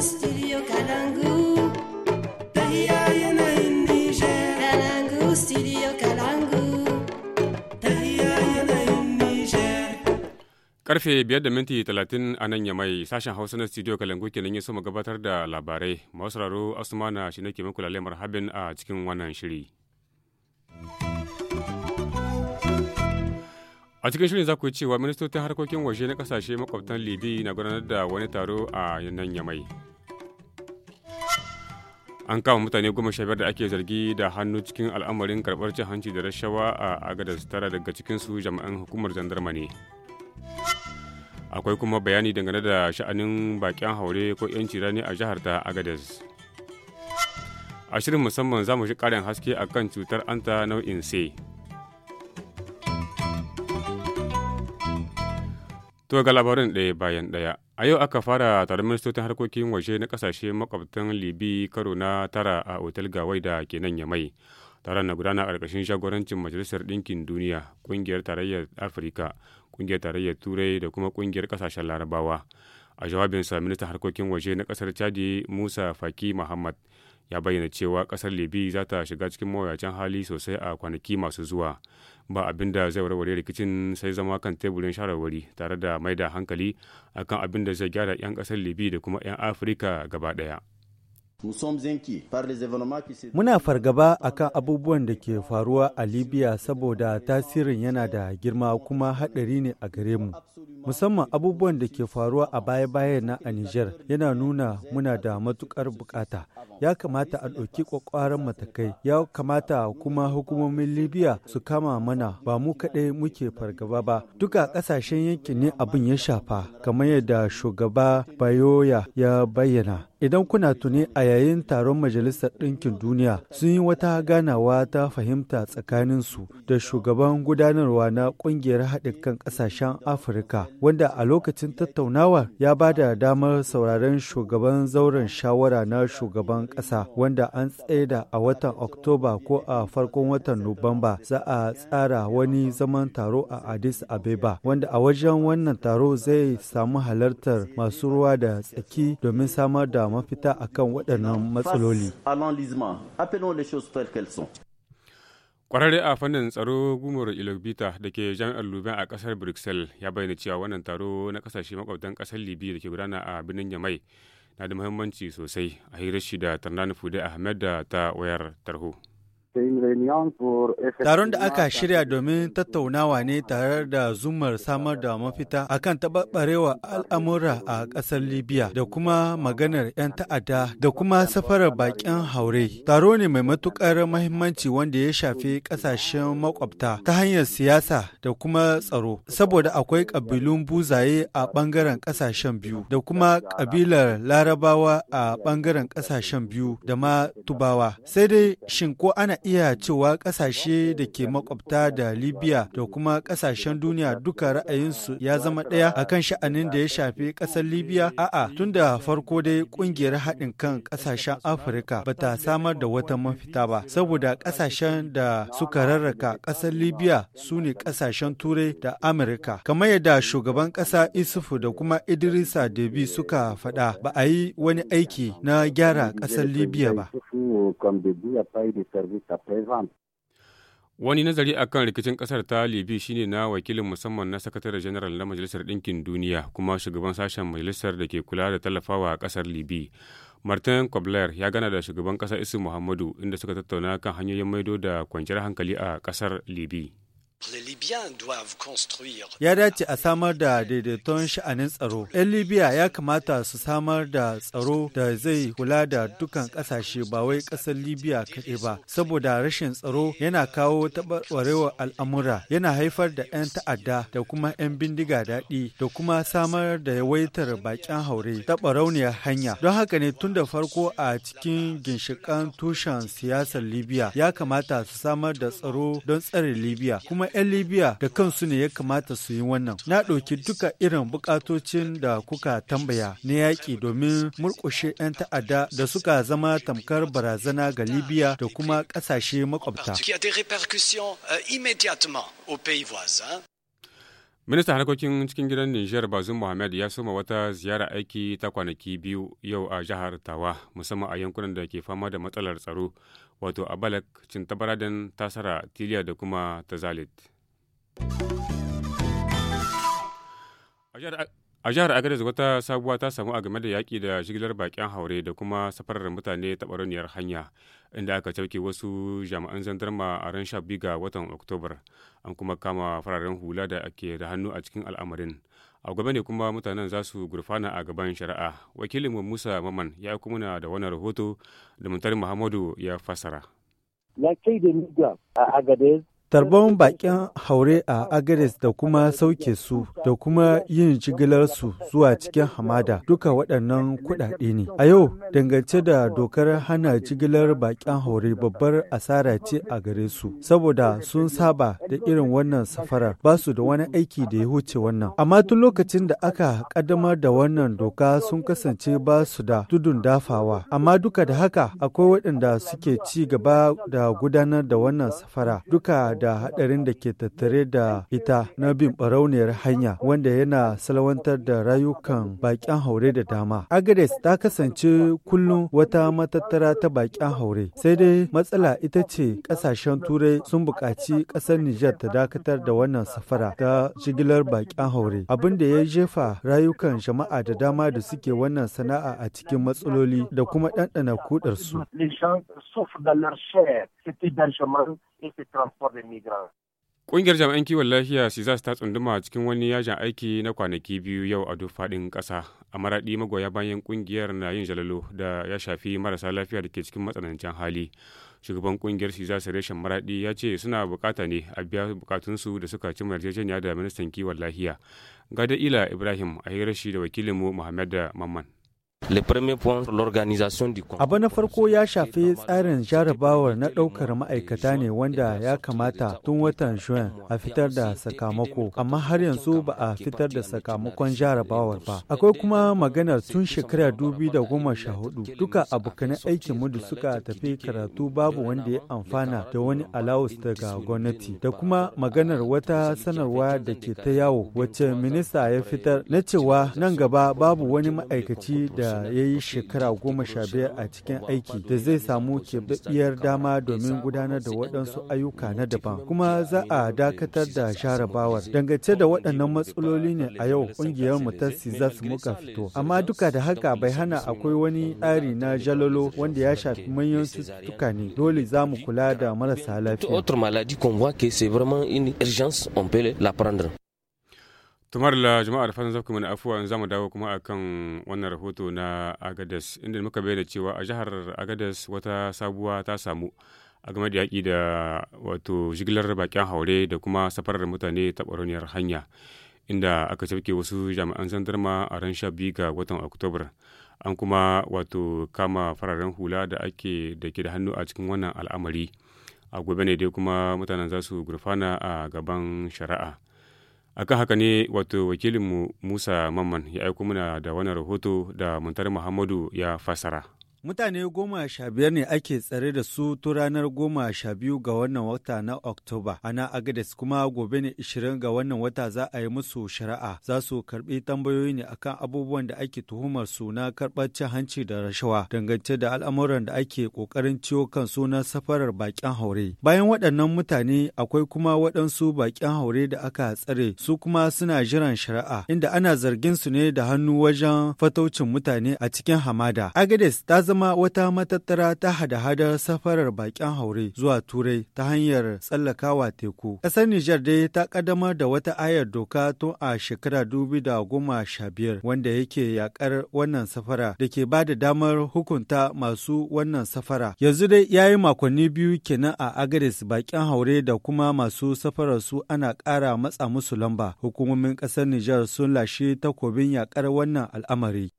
studio Karfe biyar da minti talatin a nan ya mai sashen Hausa na studio Kalangu kenan ya soma gabatar da labarai. Masu raro Asmana shi nake muku lalemar habin a cikin wannan shiri. a cikin shirin za ku cewa ministocin harkokin waje na kasashe makwabtan libi na gudanar da wani taro a nan yamai an kama mutane goma sha biyar da ake zargi da hannu cikin al'amarin karɓar cin hanci da rashawa a agadas tara daga cikinsu jami'an hukumar Jandarma ne akwai kuma bayani dangane da sha'anin bakin haure ko 'yanci rani a jihar ta agadas a shirin musamman za mu shi ƙarin haske akan cutar anta nau'in sai. To ga labarin ɗaya bayan ɗaya. A yau aka fara tare ministocin harkokin waje na kasashe makwabtan Libi karo na tara a otal Gawai da ke nan Yamai. Taron na gudana a ƙarƙashin shagorancin Majalisar Ɗinkin Duniya, Ƙungiyar Tarayyar Afirka, Ƙungiyar Tarayyar Turai da kuma Ƙungiyar Ƙasashen Larabawa. A jawabinsa ministan harkokin waje na ƙasar Chadi Musa Faki Muhammad ya bayyana cewa kasar libi za ta shiga cikin mawuyacin hali sosai a kwanaki masu zuwa ba abin da zai warware rikicin sai zama kan teburin shawarwari tare da mai da hankali akan abin da zai gyara 'yan kasar libi da kuma 'yan afirka gaba ɗaya. Muna fargaba akan abubuwan da ke faruwa a Libya saboda tasirin yana da girma kuma haɗari ne a gare mu. Musamman abubuwan da ke faruwa a baya-bayan na a Nijar yana nuna muna da matukar bukata. Ya kamata a ɗauki ƙwaƙwaran matakai, ya kamata kuma hukumomin Libya su kama mana ba mu kaɗai muke fargaba ba. Duka ƙasashen yankin ne abin ya shafa, kamar yadda shugaba Bayoya ya bayyana. Idan kuna tuni a yayin taron Majalisar Ɗinkin Duniya sun yi wata ganawa ta fahimta tsakaninsu da shugaban gudanarwa na ƙungiyar haɗin kan ƙasashen Afirka, wanda a lokacin tattaunawar ya ba da damar sauraron shugaban zauren shawara na shugaban ƙasa wanda an tsaida a watan Oktoba ko a farkon watan Nuwamba za a tsara wani zaman taro a Addis Abeba, wanda a wajen wannan taro zai samu halartar masu ruwa da tsaki domin samar da mafita akan waɗannan matsaloli. ƙwararre a fannin tsaro gumur ilobita da ke jan lubin a ƙasar bruxelles ya bayyana cewa wannan taro na kasashe makwabtan ƙasar libya da ke gudana a birnin yamai na da muhimmanci sosai a hirar shi da tarnani fude ahmed da ta wayar tarho Taron da aka shirya domin tattaunawa ne tare da zumar samar da mafita akan taɓaɓarewa al'amura a ƙasar Libya da kuma maganar 'yan ta'adda da kuma safarar baƙin haure. Taro ne mai matuƙar mahimmanci wanda ya shafi ƙasashen makwabta ta hanyar siyasa da kuma tsaro, saboda akwai ƙabilun buzaye a ɓangaren ƙasashen biyu da kuma ƙabilar larabawa a ɓangaren ƙasashen biyu da ma tubawa. Sai dai shin ko ana iya cewa kasashe da ke makwabta da Libya da kuma kasashen duniya duka ra'ayinsu ya zama ɗaya akan sha'anin da ya shafi ƙasar Libya? A'a, tun da farko dai ƙungiyar haɗin kan ƙasashen Afirka ba ta samar da wata mafita ba, saboda ƙasashen da suka rarraka ƙasar Libya su ne ƙasashen Turai da Amurka. Kamar yadda shugaban ƙasa Isufu da kuma Idrisa Debi suka faɗa, ba a yi wani aiki na gyara ƙasar Libya ba. Wani nazari a kan rikicin kasar ta Libi shine na wakilin musamman na sakatare janaral na Majalisar Ɗinkin Duniya kuma shugaban sashen majalisar da ke kula da tallafawa a kasar Libi. Martin Kobler ya gana da shugaban kasar Isu Muhammadu inda suka tattauna kan hanyoyin maido da kwanciyar hankali a kasar Libi. Ya dace a samar da daidaiton sha'anin tsaro. 'Yan Libya ya kamata su samar da tsaro da zai kula da dukkan ƙasashe ba wai ƙasar Libya kaɗai ba, saboda rashin tsaro yana kawo taɓarɓarewar al'amura, yana haifar da 'yan ta'adda da kuma 'yan bindiga daɗi da kuma samar da yawaitar baƙin haure taɓarauniyar hanya. Don haka ne tun da farko a cikin ginshiƙan tushen siyasar Libya ya kamata su samar da tsaro don tsare Libya kuma 'yan libya da kansu ne ya kamata su yi wannan na ɗauki duka irin bukatocin da kuka tambaya na yaƙi domin murƙushe 'yan ta'adda da suka zama tamkar barazana ga libya da kuma ƙasashe makwabta euh, Ministan harkokin cikin gidan Nijar Bazum Mohamed ya soma wata ziyara aiki ta kwanaki biyu yau a jihar Tawa musamman a yankunan da ke fama da matsalar tsaro wato a balak tabaradan tasara tiliya da kuma ta zalit a jihar agadez wata sabuwa ta samu a game da yaƙi da jigilar baƙin haure da kuma safarar mutane ɓaruniyar hanya inda aka cauke wasu jami'an zandarma a ran sha ga watan oktobar an kuma kama fararen hula da ke da hannu a cikin al'amarin a gobe ne kuma mutanen za su gurfana a gaban shari'a wakilin musa maman ya kuma na da wani rahoto da muntari muhammadu ya fasara. na kai da a agadez Tarban bakin haure a Agares da kuma sauke su da kuma yin su zuwa cikin hamada duka waɗannan kuɗaɗe ne. A yau, dangance da dokar hana jigilar bakin haure babbar asara ce a gare su, saboda sun saba da irin wannan safarar ba su da wani aiki da ya huce wannan. Amma tun lokacin da aka ƙaddamar da wannan doka sun kasance ba su da tudun dafawa. Amma duka da haka akwai waɗanda suke ci gaba da gudanar da wannan safara duka da hadarin da ke tattare da ita na bin barauniyar hanya wanda yana salwantar da rayukan baƙin haure da dama. Agades ta kasance kullum wata matattara ta baƙin haure. Sai dai matsala ita ce kasashen Turai sun buƙaci ƙasar Nijar ta dakatar da wannan safara ta jigilar baƙin haure. Abin da ya jefa rayukan jama'a da dama da suke wannan sana'a a cikin matsaloli da kuma ɗanɗana kudarsu. Les gens souffrent de leur chair cet hébergement et ce transport de migrants. Ƙungiyar jami'an kiwon lafiya Sizas ta tsunduma cikin wani yajin aiki na kwanaki biyu yau a duk faɗin ƙasa. A maraɗi magoya bayan ƙungiyar na yin jalalo da ya shafi marasa lafiya da ke cikin matsanancin hali. Shugaban ƙungiyar Sizas reshen maraɗi ya ce suna buƙata ne a biya su da suka ci yarjejeniya da ministan kiwon lafiya. Gada Ila Ibrahim a hirar shi da wakilinmu Muhammad Mamman. Abu na farko ya shafi tsarin jarabawar na ɗaukar ma'aikata ne wanda ya kamata tun watan juin a fitar da sakamako, amma har yanzu ba a fitar da sakamakon jarabawar ba. Akwai kuma maganar tun shekarar hudu duka abokanan aikin mudu suka tafi karatu babu wanda ya amfana da wani alawus daga gwamnati, da kuma maganar wata sanarwa da ke ta yawo wacce minista ya fitar na cewa nan gaba babu wani ma'aikaci da da ya yi shekara goma sha biyar a cikin aiki da zai samu keɓaɓɓiyar dama domin gudanar da waɗansu ayyuka na daban kuma za a dakatar da sharabawar dangance da waɗannan matsaloli ne a yau ƙungiyar mu ta sizas muka fito amma duka da haka bai hana akwai wani tsari na jalolo wanda ya shafi manyan cututtuka ne dole za mu kula da marasa lafiya. tumar la jama'a da fatan zafi mana afuwa za mu dawo kuma akan wannan rahoto na agadas inda muka bayyana cewa a jihar agadas wata sabuwa ta samu a game da yaƙi da wato jigilar bakin haure da kuma safarar mutane ta ɓaroniyar hanya inda aka cafke wasu jami'an zandarma a ran sha biyu ga watan oktobar an kuma wato kama fararen hula da ake da ke da hannu a cikin wannan al'amari a gobe ne dai kuma mutanen za su gurfana a gaban shari'a aka haka ne wato wakilinmu musa mamman ya aiko muna da wani rahoto da muntar muhammadu ya fasara. Mutane goma sha biyar ne ake tsare da su tun ranar goma sha biyu ga wannan wata na Oktoba. A nan Agades kuma gobe ne ishirin ga wannan wata za a yi musu shari'a. Za su karbi tambayoyi ne akan abubuwan da ake tuhumar su na karɓar hanci da rashawa dangance da al'amuran da ake ƙoƙarin ciwo kan su na safarar baƙin haure. Bayan waɗannan mutane akwai kuma waɗansu baƙin haure da aka tsare su kuma suna jiran shari'a inda ana zargin su ne da hannu wajen fataucin mutane a cikin hamada. Agades ta zama wata matattara ta hada-hadar safarar bakin haure zuwa Turai ta hanyar tsallakawa teku. Ƙasar Nijar dai ta ƙaddamar da wata ayar doka tun a shekara dubi da goma sha biyar wanda yake yakar wannan safara da ke ba da damar hukunta masu wannan safara. Yanzu dai ya yi makonni biyu kenan a Agares bakin haure da kuma masu safarar su ana ƙara matsa musu lamba. Hukumomin ƙasar Nijar sun lashe takobin yakar wannan al'amari.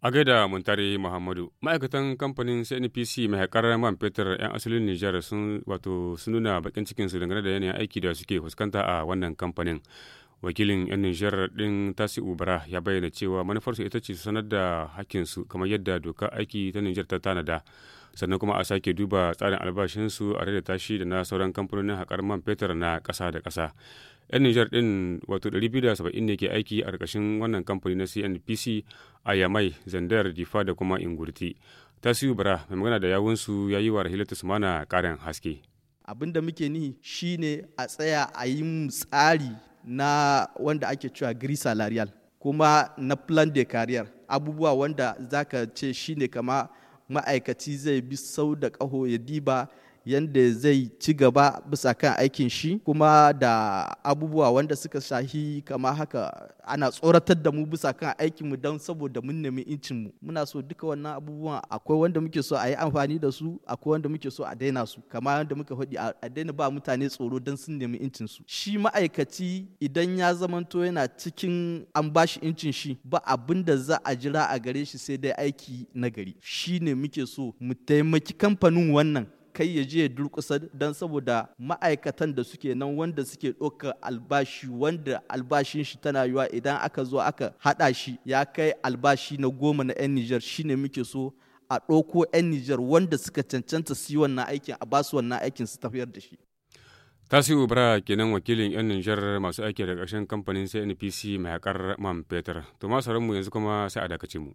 A gaida Muntari Muhammadu, ma'aikatan kamfanin CNPC mai haƙar man fetur 'yan asalin Nijar sun wato sun nuna bakin cikinsu dangane da yanayin aiki da suke fuskanta a wannan kamfanin. Wakilin 'yan Nijar ɗin Tasi Ubara ya bayyana cewa manufarsu ita ce sanar da hakkinsu kamar yadda doka aiki ta Nijar ta tanada. Sannan kuma a sake duba tsarin albashinsu a da tashi da na sauran kamfanonin haƙar man fetur na ƙasa da ƙasa. 'yan nijar din wato 270 ne ke aiki a ƙarƙashin wannan kamfani na cnpc a yamai zandar difa da kuma ingurti tasiu bara mai magana da yawunsu ya yi wa rahilatu sumana ƙarin haske abin da muke shi ne a tsaya a yi tsari na wanda ake cewa grisa salarial kuma na plan de carrier abubuwa wanda zaka ce shi ne kama ma'aikaci zai bi sau da ƙaho ya diba yadda zai ci gaba bisa kan aikin shi kuma da abubuwa wanda suka shahi kama haka ana tsoratar da mu bisa kan aikinmu don saboda mun nemi incin mu muna so duka wannan abubuwan akwai wanda muke so a yi amfani da su akwai wanda muke so a daina su kama yadda muka faɗi a daina ba mutane tsoro don sun nemi incin su shi ma'aikaci idan ya zamanto yana cikin an bashi incin shi ba abin da za a jira a gare shi sai dai aiki na gari shi ne muke so mu taimaki kamfanin wannan kai ya je durkusa don saboda ma'aikatan da suke nan wanda suke ɗaukar albashi wanda albashin shi tana yiwa idan aka zo aka haɗa shi ya kai albashi na goma na 'yan Nijar shine muke so a ɗauko 'yan Nijar wanda suka cancanta su yi wannan aikin a basu wannan aikin su tafiyar da shi. Tasiu Bara kenan wakilin 'yan Nijar masu aiki da ƙarshen kamfanin CNPC mai haƙar man fetur. To masu mu yanzu kuma sai a dakace mu.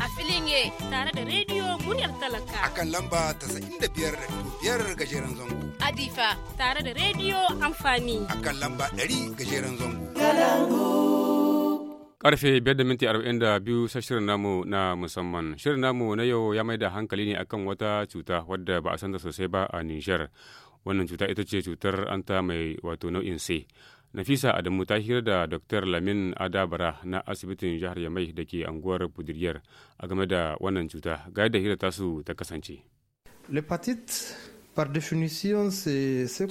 a filin ye tare da rediyo muryar talaka akan lamba da biyar gajeren zango adifa tare da rediyo amfani akan lamba 100 gajeren zango karfe 5.42 sai shirin namu na musamman shirin namu na yau ya mai da hankali ne akan wata cuta wadda ba a sanda sosai ba a nijar wannan cuta ita ce cutar anta mai wato nau'in c Nafisa Adamu ta hira da Dr. Lamin Adabara na asibitin jihar Yamai da ke anguwar Budiriyar a game da wannan cuta ga da hira tasu ta kasance. Lepatit.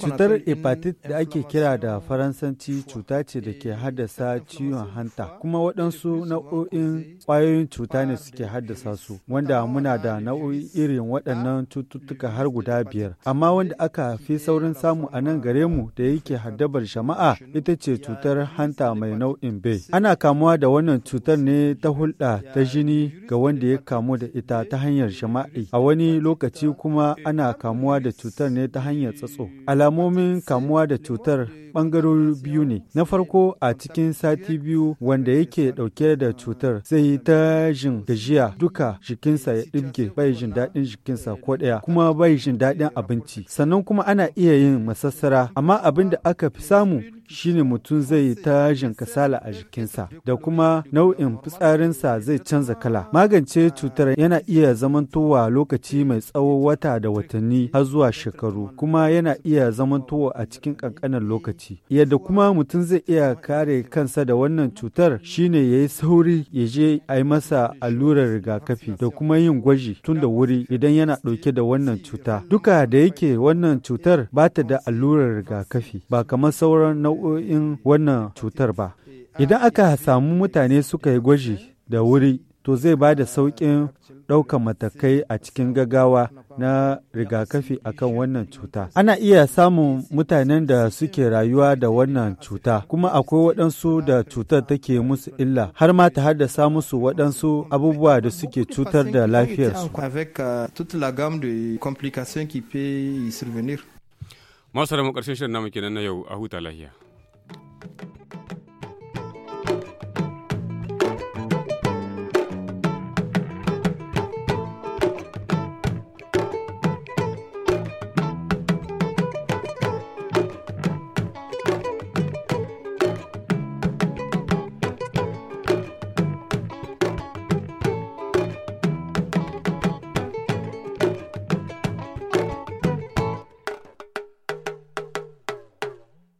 Cutar hepatit da ake kira da faransanci cuta ce da ke haddasa ciwon hanta, kuma waɗansu nau'o'in ƙwayoyin cuta ne suke haddasa su, wanda muna da nau'o'i irin waɗannan cututtuka har guda biyar. Amma wanda aka fi saurin samu a nan gare mu da yake haddabar jama'a ita ce cutar hanta mai nau'in B. Ana kamuwa da wannan cutar ne ta hulɗa ta jini ga wanda ya kamu da ita ta hanyar jama'i. A wani lokaci kuma ana kamuwa da cutar ne ta hanyar tsatso. Alamomin kamuwa da cutar ɓangarori biyu ne. Na farko a cikin sati biyu wanda yake ɗauke da cutar sai yi ta jin gajiya duka jikinsa ya ɗibge bai jin daɗin jikinsa ko ɗaya kuma bai jin daɗin abinci. Sannan kuma ana iya yin masassara amma abin da aka fi samu shine mutum zai yi ta jin kasala a jikinsa da kuma nau'in fitsarinsa zai canza kala. Magance cutar yana iya zamantowa lokaci mai tsawo wata da watanni har zuwa shekaru kuma yana iya zamantowa a cikin ƙanƙanin lokaci. Yadda kuma mutum zai iya kare kansa da wannan cutar shine ya yi sauri ya je a yi masa allurar rigakafi da kuma yin gwaji tun da wuri idan yana ɗauke da wannan cuta. Duka da yake wannan cutar ba ta da allurar rigakafi ba kamar sauran nau'o'in wannan cutar ba. Idan aka samu mutane suka yi gwaji da wuri to zai ba da sauƙin ɗaukar matakai a cikin gagawa na rigakafi a kan wannan cuta. Ana iya samun mutanen da suke rayuwa da wannan cuta, kuma akwai waɗansu da cutar take musu illa, har ma ta haddasa musu waɗansu abubuwa da suke cutar da lafiyarsu. Euh, Masu da mu ƙarshen shirin namu yau a huta lahiya.